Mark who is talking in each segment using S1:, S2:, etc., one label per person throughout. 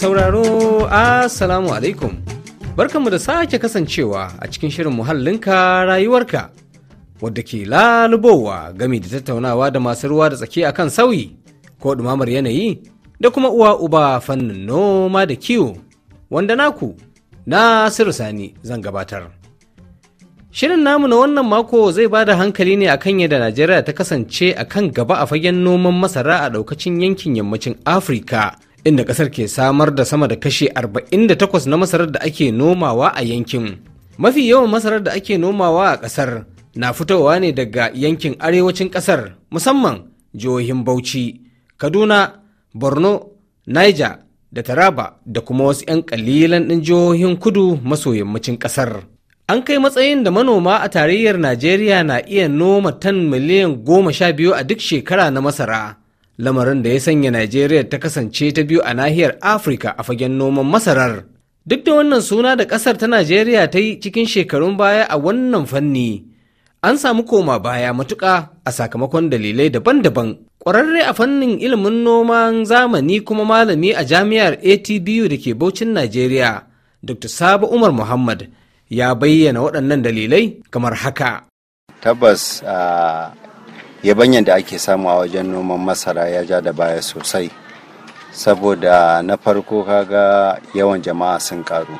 S1: sauraro Assalamu alaikum. Barkanmu da sake kasancewa a cikin shirin muhallinka rayuwarka wadda ke lalubowa gami da tattaunawa da masu ruwa da tsaki akan sauyi ko ɗumamar yanayi da kuma uwa uba fannin noma da kiwo wanda naku na Sani zan gabatar. Shirin namu na wannan mako zai ba da hankali ne akan yadda Najeriya ta kasance a kan gaba a fagen noman masara a ɗaukacin yankin yammacin Afirka inda kasar ke samar da sama da kashe 48 na masarar da ake nomawa a yankin mafi yawan masarar da ake nomawa a kasar na fitowa ne daga yankin arewacin kasar musamman jihohin bauchi kaduna borno niger da taraba da kuma wasu 'yan kalilan ɗin jihohin kudu maso yammacin kasar an kai matsayin da manoma a tarayyar najeriya na iya noma tan miliyan goma sha biyu a duk shekara na masara lamarin da ya sanya Najeriya ta kasance ta biyu a nahiyar Afirka a fagen noman masarar. Duk da wannan suna da ƙasar ta Najeriya ta yi cikin shekarun baya a wannan fanni, an samu koma baya matuƙa a sakamakon dalilai daban-daban. Ƙwararre a fannin ilimin noman zamani kuma malami a jami'ar ATBU da ke Baucin Najeriya, Dr. Sabo Umar Muhammad ya bayyana waɗannan dalilai kamar haka.
S2: Tabbas ah, yabanyan da ake samu a wajen noman masara ya ja da baya sosai saboda na farko kaga yawan jama'a sun karu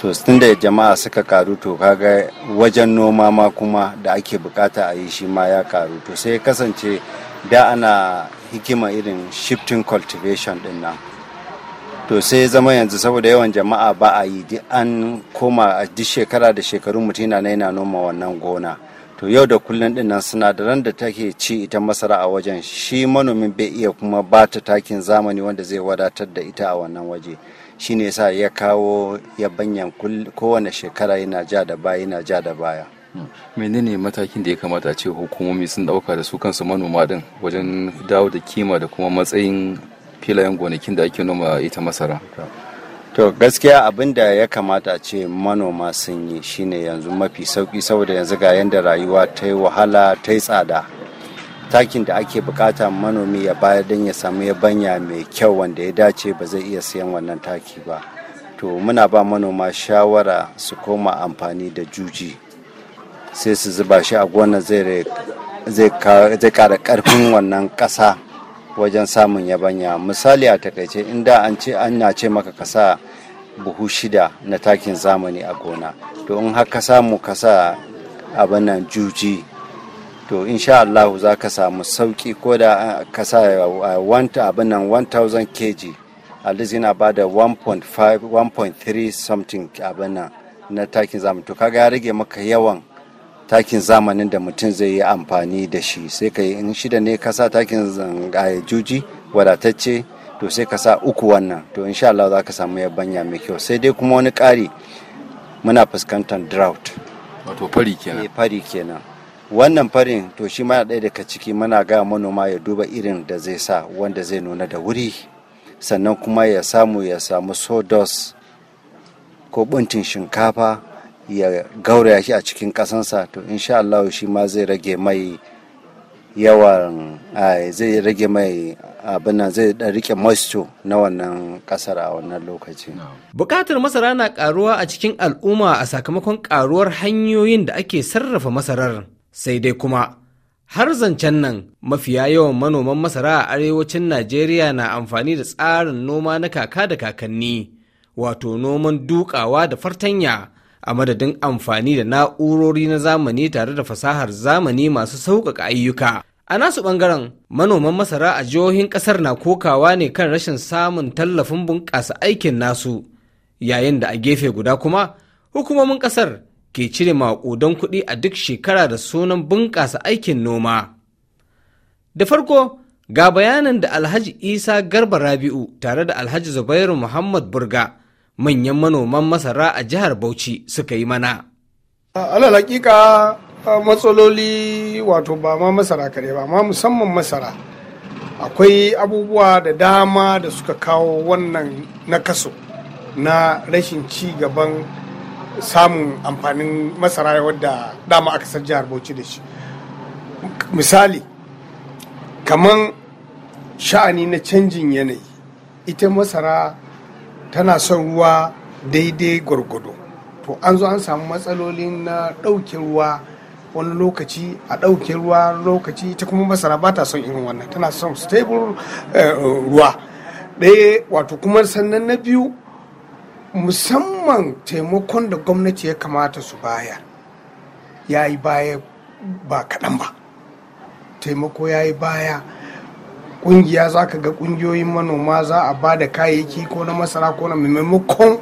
S2: to tun da jama'a suka karu to kaga wajen noma ma kuma da ake bukata a yi shi ma ya karu to sai kasance da ana hikima irin shifting cultivation din nan to sai zama yanzu saboda yawan jama'a ba a yi an koma a duk shekara da shekaru mutum na yana noma wannan gona to yau da kullum din nan sinadaran da take ci ita masara a wajen shi manomin bai iya kuma ba ta takin zamani wanda zai wadatar da ita a wannan waje shi ne sa ya kawo ya banyan kowane shekara yana ja da baya yana ja da baya
S3: menene matakin da ya kamata a ce hukumomi sun dauka da su kansu manoma din wajen dawo da kima da kuma matsayin filayen gonakin da ake noma ita masara to gaskiya abin da ya kamata
S2: ce manoma sun yi shine yanzu mafi sauki saboda yanzu ga yanda rayuwa ta yi wahala ta yi tsada takin da ake bukata manomi ya bayar don ya samu yabanya mai kyau wanda ya dace ba zai iya sayan wannan taki ba to muna ba manoma shawara su koma amfani da juji sai su zuba shi a gonar zai kara karfin wannan ƙasa wajen samun yabanya misali a takaice inda an ce an ce maka kasa buhu shida na takin zamani a gona to in haka samu kasa sa abin juji to insha Allah za ka samu sauki ko da kasa sa uh, abin nan 1000 kg alis yana ba da 1.5 1.3 something abin nan na takin zamani to kaga ya rage maka yawan takin zamanin da mutum zai yi amfani da shi sai ka yi in shida ne ka sa takin eh, juji wadatacce to sai ka sa uku wannan to insha Allah za ka samu yabanya mai kyau sai dai kuma wani ƙari muna fuskantar drought wato fari kenan eh, fari kenan wannan farin to shi ma ɗaya daga ciki muna ga manoma ya duba irin da zai sa wanda zai nuna da wuri sannan kuma ya samu ya samu sawdust ko buntin shinkafa ya gauraya shi a cikin ƙasansa to insha Allah shi ma zai rage mai yawan zai rage mai abin nan zai rike moisture na wannan ƙasar a wannan lokaci.
S1: Bukatar masara na karuwa a cikin al'umma a sakamakon karuwar hanyoyin da ake sarrafa masarar. Sai dai kuma har zancen nan mafiya yawan manoman masara a arewacin Najeriya na amfani da tsarin noma na kaka da kakanni, wato noman dukawa da fartanya a madadin amfani da na'urori na zamani tare da fasahar zamani masu sauƙaƙa ayyuka. A nasu ɓangaren manoman masara a jihohin ƙasar na kokawa ne kan rashin samun tallafin bunƙasa aikin nasu, yayin da a gefe guda kuma hukumomin ƙasar ke cire maƙudan kuɗi a duk shekara da sunan bunƙasa aikin noma. Da farko, ga bayanan da Alhaji Isa Garba Rabi'u tare da Alhaji Zubairu Muhammad Burga manyan manoman masara a jihar Bauchi suka yi mana. Alal hakika
S4: matsaloli wato ba ma masara kare ba ma musamman masara akwai abubuwa da dama da suka kawo wannan nakaso na rashin ci gaban samun amfanin masara wadda dama aka san jihar Bauchi da shi. Misali, kamar sha'ani na canjin yanayi ita masara tana son ruwa daidai gwargwado to an zo an samu matsaloli na ɗauke ruwa wani lokaci a ɗauke ruwa lokaci ta kuma masara ba ta son irin wannan tana son stable eh, ruwa ɗaya wato kuma sannan na biyu musamman taimakon da gwamnati ya kamata su baya ya yi baya ba kaɗan ba taimako ya yi baya kungiya za ka ga kungiyoyin manoma za a ba da kayayyaki ko na masara ko na maimakon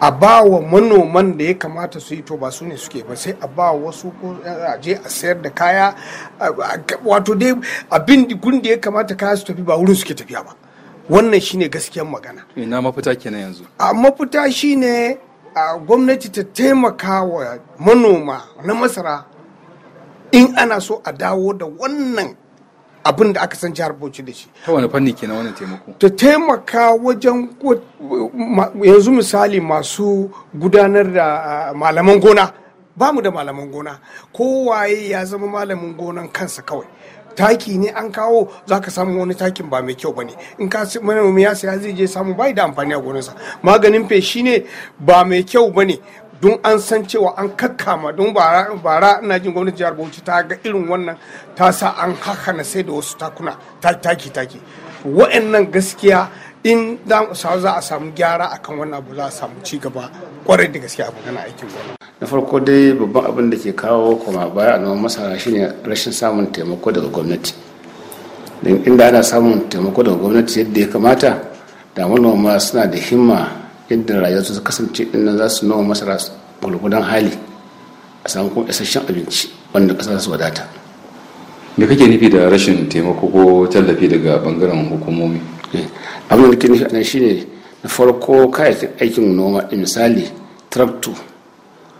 S4: a ba wa manoman da ya kamata su yi to ba su ne suke ba sai a ba wasu ko a je a sayar da kaya wato dai abin gun da ya kamata kaya su tafi ba wurin suke tafiya ba wannan shine gaskiyar magana
S3: ina mafita kenan yanzu
S4: a mafita shine a gwamnati ta taimaka wa manoma na masara in ana so a dawo da wannan abin da aka san jihar Bauchi da shi. Ta wani fanni kenan wannan taimako? Ta taimaka wajen yanzu misali masu gudanar da malaman gona. Ba mu da malaman gona. Kowaye ya zama malamin gonan kansa kawai. taki ne an kawo za ka samu wani takin ba mai kyau ba ne in ka manomi ya saya zai je samu bai da amfani a gonarsa maganin feshi ne ba mai kyau ba ne don an san cewa an kakkama don bara ina jin gwamnati jihar bauchi ta ga irin wannan ta sa an haka na sai da wasu takuna taki taki wa'annan gaskiya in za a samu gyara akan wannan abu za a samu ci gaba kwarai da gaskiya abu gana aikin gwamnati
S5: na farko dai babban abin da ke kawo koma baya a noman masara shine rashin samun taimako daga gwamnati inda ana samun taimako daga gwamnati yadda ya kamata da manoma suna da himma yadda rayuwar su kasance inda za su noma masara gwargwadon hali a samu kuma isasshen abinci wanda ƙasa su wadata
S3: me kake nufi da rashin taimako ko tallafi daga bangaren hukumomi eh,
S5: abin da ke nufi anan shine na farko kayayyakin aikin noma da misali tractor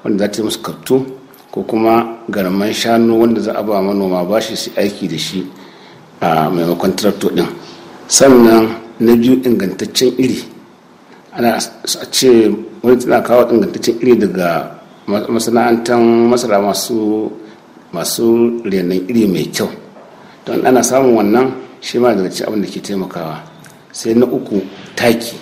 S5: wanda za ta yi musu kaftu ko kuma garman shanu wanda za a ba manoma ba shi su aiki da shi a maimakon tractor din sannan na biyu ingantaccen iri ana ce wani tana kawo ingantaccen iri daga masana'antar masara masu masu renon iri mai kyau don ana samun wannan shi ma daga abin da ke taimakawa sai na uku taki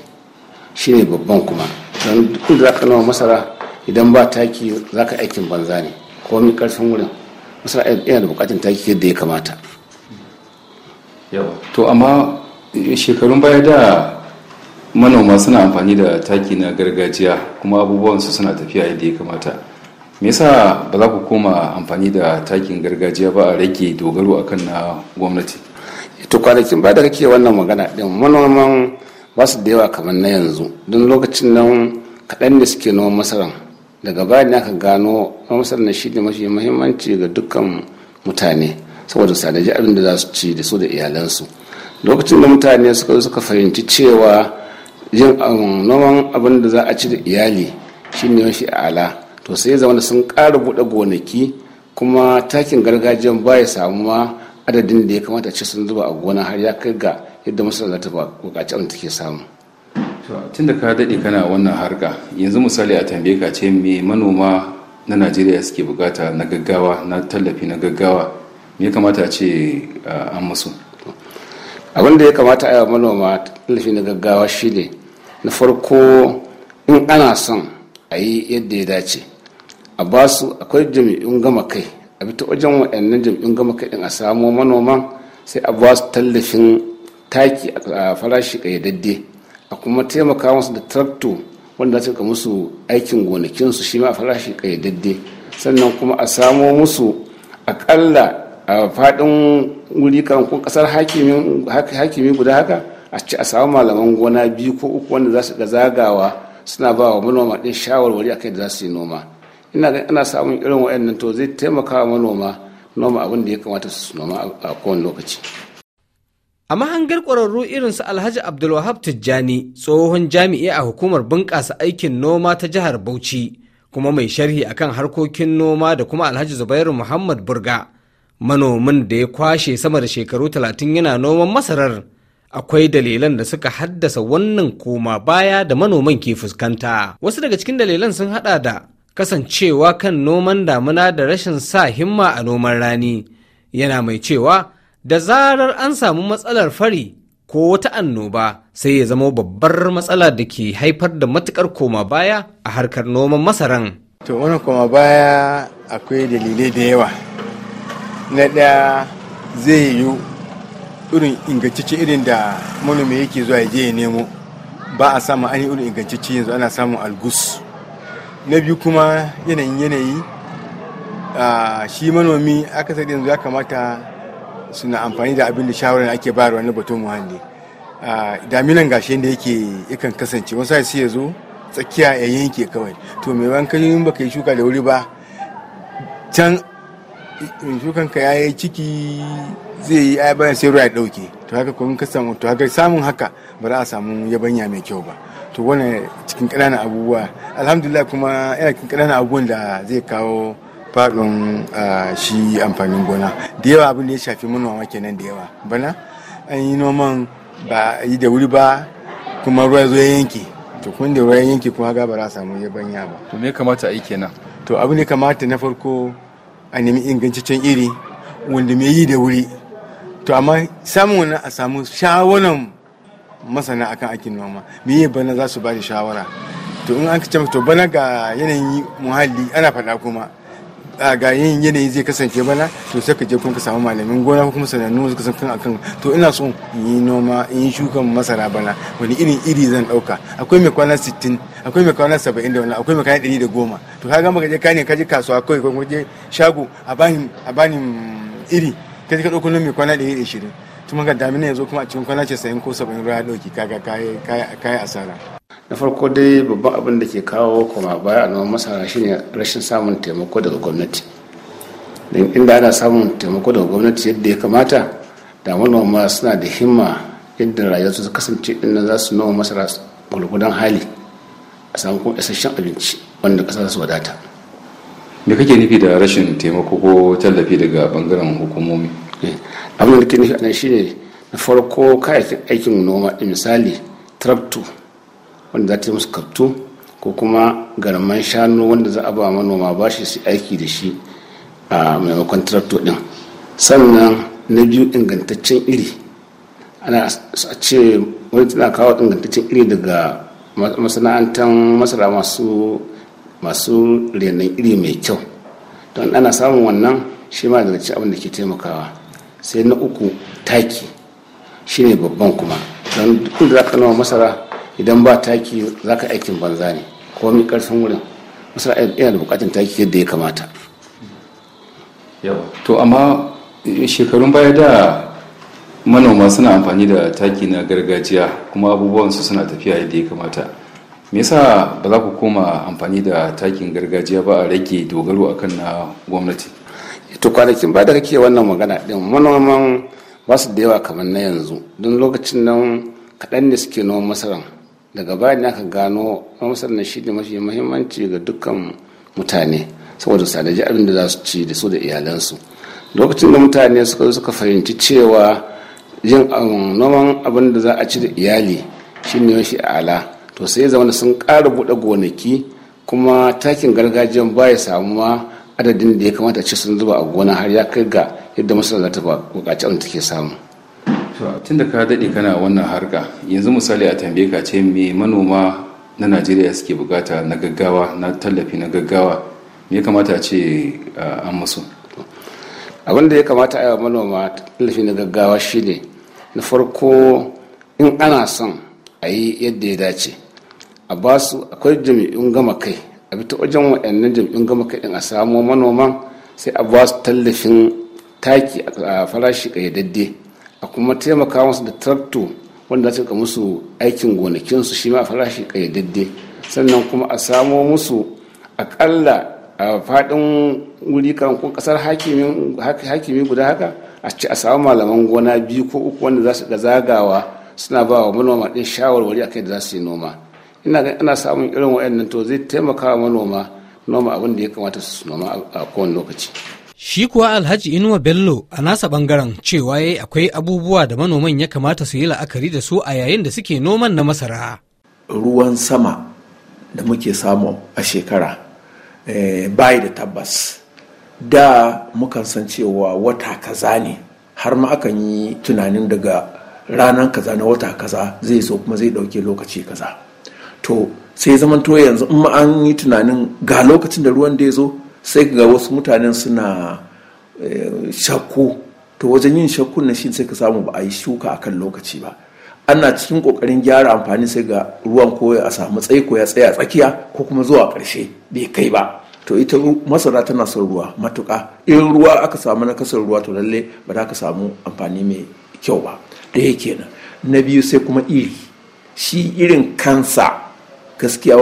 S5: shi ne babban kuma don duk da zaka noma masara idan ba taki zaka aikin banza ne komi karfin wurin masara yana da bukatun
S3: taki yadda ya kamata to amma shekarun baya da manoma suna amfani da taki na gargajiya kuma abubuwansu suna tafiya yadda ya kamata me yasa ba za ku koma amfani da takin gargajiya ba a rage dogaro akan na gwamnati ita kwanakin ba da kake wannan magana din manoman
S5: ba su da yawa kamar na yanzu don lokacin nan kaɗan da suke noman masara daga baya ne aka gano masara na shi ne mafi muhimmanci ga dukkan mutane saboda sadaji abin da za su ci da su da iyalansu lokacin da mutane suka zo suka fahimci cewa jin um, noman abin da za a ci da iyali shine ne shi ala to sai ya zama sun ƙara buɗe gonaki kuma takin gargajiyan ba ya samu ma adadin da ya kamata ci sun zuba a gona har ya kai ga yadda masana za ta buƙaci
S3: abin da take samu tun da ka daɗe kana wannan harka yanzu misali a tambaye ka ce me manoma na najeriya suke bukata na gaggawa na tallafi na gaggawa me ya kamata a ce uh, an musu abin da ya kamata a yi manoma
S5: tallafi na gaggawa shine na farko in ana son a yi yadda ya dace a ba su akwai jami'in gama kai a bi ta wajen waɗannan jami'in gama kai ɗin a samo manoman sai a ba su tallafin taki a farashi ƙayyadadde a kuma taimaka musu da tarakto wanda za ka musu aikin gonakinsu shi ma a farashi ƙayyadadde sannan kuma a samo musu akalla a faɗin wuri kan ƙasar hakimi guda haka a ci a samu malaman gona biyu ko uku wanda za su ga zagawa suna ba wa manoma ɗin shawarwari akai da za su yi noma ina ga ana samun irin waɗannan to zai taimaka wa manoma noma abin da ya kamata su noma a kowane lokaci
S1: a mahangar ƙwararru irin su alhaji abdulwahab tijjani tsohon jami'i a hukumar bunƙasa aikin noma ta jihar bauchi kuma mai sharhi akan harkokin noma da kuma alhaji zubairu muhammad burga manomin da ya kwashe sama da shekaru talatin yana noman masarar akwai dalilan da suka haddasa wannan koma baya da manoman ke fuskanta wasu daga cikin dalilan sun hada da kasancewa kan noman damuna da rashin sa himma a noman rani yana mai cewa da zarar an samu matsalar fari ko wata annoba sai ya zama babbar matsala da ke haifar da matukar koma baya a harkar noman masaran.
S6: To wani koma baya akwai dalilai da yawa. Na ɗaya zai yiwu irin ingantacce irin da manomi yake zuwa ya je ya nemo ba a samun ainihin irin ingantacce yanzu ana samun algus na biyu kuma yanayin yanayi shi manomi akasari yanzu ya kamata suna amfani da abin da shawarar ake bayarwa na batun muhalli daminan gashe da yake yakan kasance wasu sai ya zo tsakiya ya yanke kawai to mai ban in baka yi shuka da wuri ba can Eh, shukan ka yayi ciki zai yi ai bayan sai ruwa ya dauke to haka kun ka samu to haka samun haka ba za a samu yabanya mai kyau ba to wannan cikin kananan abubuwa alhamdulillah kuma yana cikin kananan abubuwan da zai kawo faɗin ah, shi amfanin gona da yawa abin da ya shafi manoma kenan da yawa bana an yi noman ba yi da wuri ba kuma ruwa zo ya yanke to kun da ruwa ya yanke kuma ga ba za a samu yabanya ba to me kamata a yi kenan to abin da kamata na farko a nemi ingantaccen iri wanda mai yi da wuri to amma samun wannan a samu shawaran masana akan aikin noma mai yi bana za su ba da shawara to in an ce to bana ga yanayin muhalli ana faɗa kuma a ga yin yanayi zai kasance bana to sai ka je kuma ka samu malamin gona ko kuma sanannu suka san kan akan to ina so in yi noma in yi shukan masara bana wani irin iri zan dauka akwai mai kwana 60 akwai mai kwana 70 da wani akwai mai kwana 110 to ka ga maka je kani ka je kasuwa kai ko je shago a bani a bani iri ka ka dauko mai kwana 120 tun ga damina yanzu kuma a cikin kwana 90 ko 70 ruwa dauki kaga kai kai asara
S5: na farko dai babban abin da ke kawo koma baya a noman masara shine rashin samun taimako daga gwamnati don inda ana samun taimako daga gwamnati yadda ya kamata da manoma suna da himma yadda rayuwarsu su kasance inda za su noma masara gulgudan hali a samu kuma isasshen abinci wanda kasa
S3: su wadata me kake nufi da rashin taimako ko tallafi daga bangaren hukumomi eh,
S5: abin da ke nufi a nan shine na farko kayayyakin
S3: aikin noma misali
S5: tractor wanda za ta yi musu kaftu ko kuma garman shanu wanda za a ba manoma shi su aiki da shi a maimakon tarakto din sannan na biyu ingantaccen iri ana ce wani tana kawo ingantaccen iri daga masana'antar masara masu renon iri mai kyau don ana samun wannan shi ma daga abin da ke taimakawa sai na uku taki shine babban kuma don duk da za ka masara idan ba taki za ka aikin banza ne komi karfin wurin masara
S3: yana da bukatun taki yadda ya kamata to amma shekarun baya da manoma suna amfani da taki na gargajiya kuma abubuwansu suna tafiya yadda ya kamata me yasa ba za ku koma amfani da takin gargajiya ba a rage dogaro akan na gwamnati to kwanakin ba da kake wannan magana
S5: din manoman ba su da yawa kamar na yanzu don lokacin nan kaɗan ne suke noman masaran daga baya ne aka gano amsar na shi ne mafi muhimmanci ga dukkan mutane saboda sadaji abin da za su ci da su da iyalansu lokacin da mutane suka suka fahimci cewa yin um, noman abin da za a ci da iyali shi ne mafi ala to sai zama sun ƙara buɗe gonaki kuma takin gargajiyan baya samu ma adadin da ya kamata ci sun zuba a gona har ya kai ga yadda
S3: masana za ta buƙaci abin da take samu tun da ka daɗe kana wannan harka yanzu misali a tambaye ka ce me manoma na najeriya suke bukata na gaggawa na tallafi na gaggawa me ya kamata a ce an musu abin da ya kamata
S5: a yi wa manoma tallafi na gaggawa shine na farko in ana son a yi yadda ya dace a ba su akwai jami'in gama kai a bi ta wajen waɗannan jami'in gama kai din a samo manoman sai a ba su tallafin taki a farashi ƙayyadadde a kuma taimaka musu da trakto wanda za ta musu aikin gonakinsu shi ma a farashi kayyadadde sannan kuma a samo musu akalla a faɗin wuri kan kasar hakimi guda haka a ci a samu malaman gona biyu ko uku wanda za su ga zagawa suna ba wa manoma ɗin shawarwari a kai da za su yi noma ina ga ana samun irin waɗannan to zai taimaka wa manoma noma abin da ya kamata su noma a kowane lokaci
S1: Shi kuwa Alhaji Inuwa Bello a nasa bangaren cewa yayi akwai abubuwa da manoman ya kamata su yi la'akari da su a yayin da suke noman na masara.
S7: Ruwan sama da muke samu a shekara eh, bai da tabbas. Da mukan san cewa wata kaza ne har ma akan yi tunanin daga ranar kaza na wata kaza zai zo kuma zai ɗauke lokaci kaza. To sai zamanto yanzu in ma an yi tunanin ga lokacin da ruwan da ya zo sai ga wasu mutanen suna eh, shakku ta wajen yin shakkun na shi sai ka samu ba a yi shuka a kan lokaci ba ana cikin kokarin gyara amfani sai ga ruwan ko a samu ko ya tsaya tsakiya ko kuma zuwa ƙarshe bai kai ba to ita masara tana son ruwa matuka in ruwa aka samu na kasar ruwa to lalle ba za ka samu amfani mai kyau ba ɗaya kenan na biyu sai kuma iri shi irin kansa gaskiya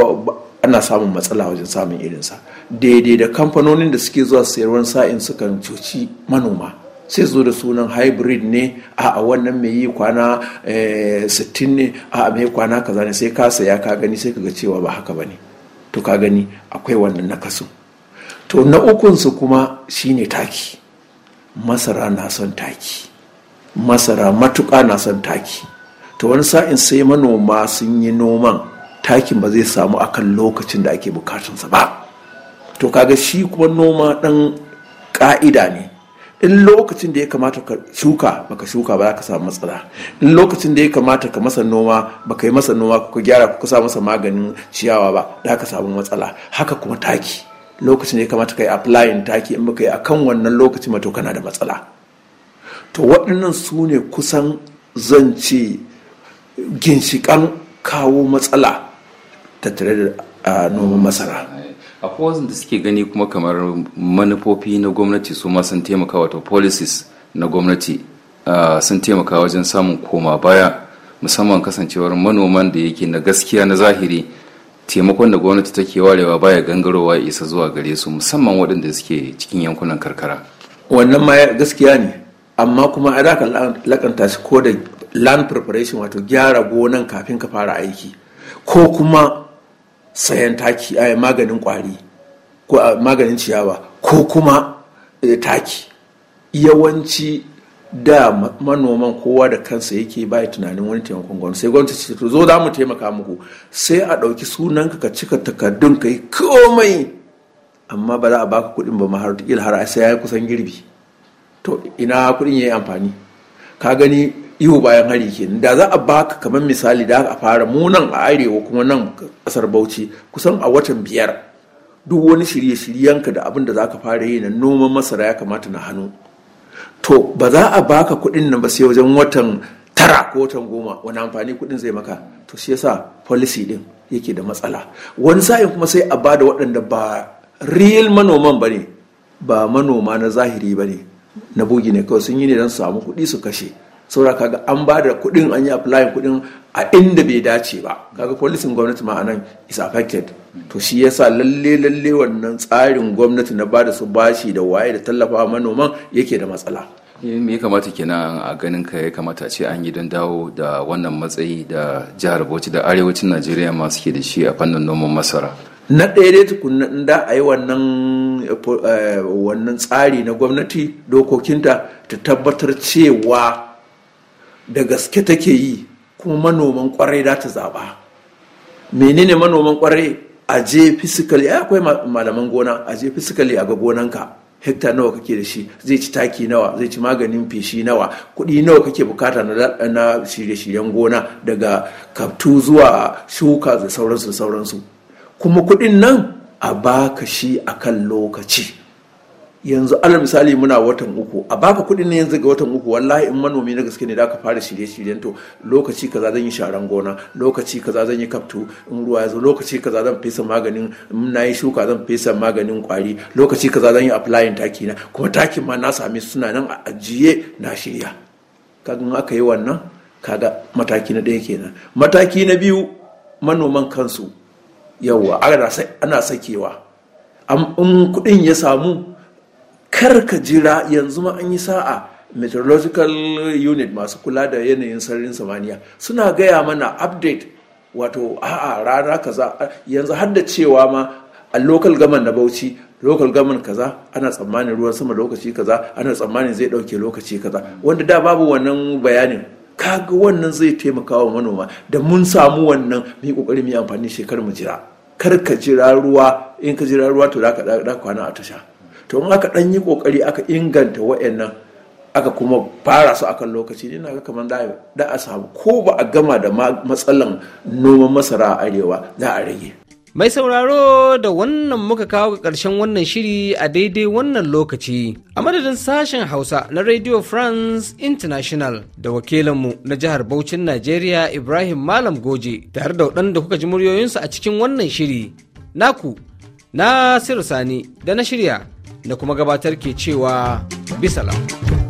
S7: ana samun matsala wajen samun irinsa daidai da kamfanonin da suke zuwa sayarwar sa'in sukan coci manoma sai zo da sunan hybrid ne a wannan mai yi kwana 60 eh, ne a mai kwana kaza ne sai ka saya ka gani sai kaga cewa ba haka bane to ka gani akwai wannan nakasu to na ukunsu kuma shine taki masara na son taki masara matuka na son taki to wani sa'in sai manoma sun yi noman takin ba zai samu akan lokacin da ake bukatunsa ba to kaga shi kuma noma ɗan ƙa'ida ne in lokacin da ya kamata ka shuka baka shuka ba za ka samu matsala in lokacin da ya kamata ka masa noma baka yi masa noma ka gyara ka sa masa maganin ciyawa ba za ka samu matsala haka kuma taki lokacin da ya kamata ka yi applying taki in baka yi akan wannan lokacin ma to kana da matsala to waɗannan su ne kusan zance ginshikan kawo matsala tattare da noman masara akwai
S3: wasu da suke gani kuma kamar manufofi na gwamnati su sun taimaka wato policies na gwamnati sun taimaka wajen samun koma baya musamman kasancewar manoman da yake na gaskiya na zahiri taimakon da gwamnati take warewa baya gangarowa
S7: isa zuwa gare su musamman waɗanda suke cikin yankunan karkara wannan ma gaskiya ne amma kuma a ka lakanta shi ko da land preparation wato gyara gonan kafin ka fara aiki ko kuma sayan taki a eh, maganin kwari ko eh, maganin ciyawa ko kuma eh, taki yawanci da manoman kowa da kansa yake ba tunanin wani taimakon gwamnati sai gwamnati ce to zo za mu taimaka muku sai a ɗauki sunanka ka cika takardun kai komai amma ba za a baka kuɗin ba har har sai ya kusan girbi to ina kuɗin ya yi amfani ka gani ihu bayan hari kenan da za a baka kamar misali da a fara munan a arewa kuma nan kasar bauchi kusan a watan biyar duk wani shirye-shiryenka da abin da za ka fara yi na noman masara ya kamata na hannu to ba za a baka kuɗin nan ba sai wajen watan tara ko watan goma wani amfani kuɗin zai maka to shi yasa policy din yake da matsala wani sa'in kuma sai a bada waɗanda ba real manoman ba ne ba manoma na zahiri ba ne na bugi ne kawai sun yi ne don su samu kuɗi su kashe saboda kaga an ba da kuɗin an yi applying kuɗin a inda bai dace ba kaga policing gwamnati ma anan is affected to shi yasa lalle lalle wannan tsarin gwamnati na ba da su bashi da waye da tallafa manoman yake da matsala
S3: me ya kamata kenan a ganin ka ya kamata ce an yi don dawo da wannan matsayi da jihar Bauchi da arewacin Najeriya ma suke da shi a fannin noman masara
S7: na ɗaya dai tukunna in da a yi wannan eh, tsari na gwamnati dokokinta ta tabbatar cewa da gaske take yi kuma manoman kwarai da ta zaba menene manoman kwarai a je fisikali ya akwai malaman gona a je fisikali a ga gonanka hekta nawa kake da shi zai ci taki nawa zai ci maganin feshi nawa kuɗi nawa kake bukata na shirye-shiryen gona daga kaftu zuwa shuka da sauransu da sauransu kuma kuɗin nan a baka shi a kan lokaci yanzu alal misali muna watan uku a baka kuɗin ne yanzu ga watan uku wallahi in manomi na gaske ne da aka fara shirye shiryen to lokaci kaza zan yi sharan gona lokaci kaza zan yi kaftu in ruwa ya zo lokaci kaza zan fesa maganin na yi shuka zan fesa maganin kwari lokaci kaza zan yi applying taki na kuma takin ma na sami suna nan a ajiye na shirya kaga aka yi wannan kaga mataki na ɗaya kenan mataki na biyu manoman kansu yawa ana sakewa in kuɗin ya samu kar ka jira yanzu ma an yi sa'a meteorological unit masu kula da yanayin sararin samaniya suna gaya mana update wato 'a rana kaza yanzu har da cewa ma a local gaman na bauchi local gaman kaza ana tsammanin ruwan sama lokaci kaza ana tsammanin zai dauke lokaci kaza wanda da babu wannan bayanin kaga wannan zai taimaka wa manoma da mun samu wannan mu yi kokari mu yi amfani shekarar mu jira kar ka jira ruwa in ka jira ruwa to za ka kwana a tasha to in aka ɗan yi ƙoƙari aka inganta wa'annan aka kuma fara su akan lokaci ne na ga kamar da a samu ko ba a gama da matsalan noman masara a arewa za a rage
S1: Mai sauraro da wannan muka kawo ga ƙarshen wannan shiri a daidai wannan lokaci. A madadin sashen Hausa na Radio France International da wakilanmu na jihar Bauchin Najeriya Ibrahim Malam Goje tare da waɗanda kuka ji muryoyinsu a cikin wannan shiri. Naku, na Sani da na shirya da kuma gabatar ke cewa bisalam.